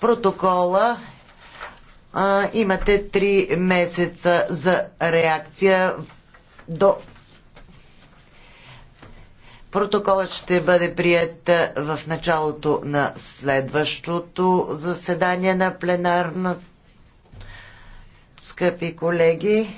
протокола а, имате 3 месеца за реакция до Протоколът ще бъде прият в началото на следващото заседание на пленарно. Скъпи колеги,